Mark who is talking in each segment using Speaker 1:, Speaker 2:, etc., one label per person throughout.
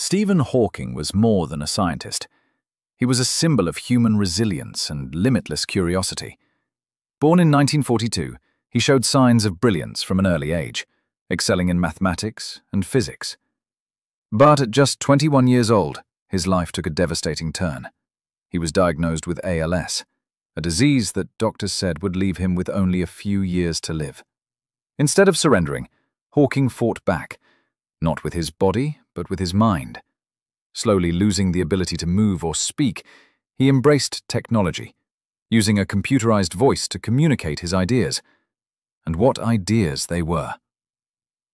Speaker 1: Stephen Hawking was more than a scientist. He was a symbol of human resilience and limitless curiosity. Born in 1942, he showed signs of brilliance from an early age, excelling in mathematics and physics. But at just 21 years old, his life took a devastating turn. He was diagnosed with ALS, a disease that doctors said would leave him with only a few years to live. Instead of surrendering, Hawking fought back, not with his body, but with his mind. Slowly losing the ability to move or speak, he embraced technology, using a computerized voice to communicate his ideas. And what ideas they were.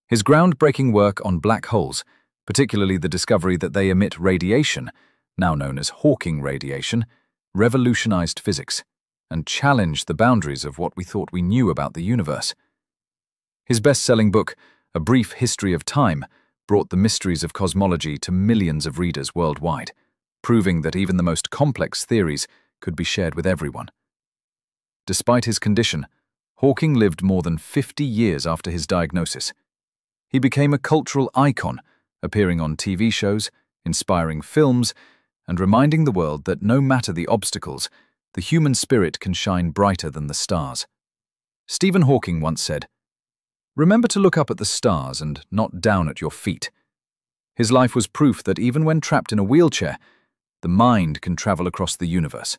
Speaker 1: His groundbreaking work on black holes, particularly the discovery that they emit radiation, now known as Hawking radiation, revolutionized physics and challenged the boundaries of what we thought we knew about the universe. His best-selling book, A Brief History of Time, brought the mysteries of cosmology to millions of readers worldwide, proving that even the most complex theories could be shared with everyone. Despite his condition, Hawking lived more than 50 years after his diagnosis. He became a cultural icon, appearing on TV shows, inspiring films, and reminding the world that no matter the obstacles, the human spirit can shine brighter than the stars. Stephen Hawking once said, Remember to look up at the stars and not down at your feet. His life was proof that even when trapped in a wheelchair, the mind can travel across the universe.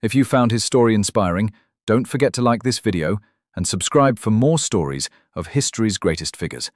Speaker 1: If you found his story inspiring, don't forget to like this video and subscribe for more stories of history's greatest figures.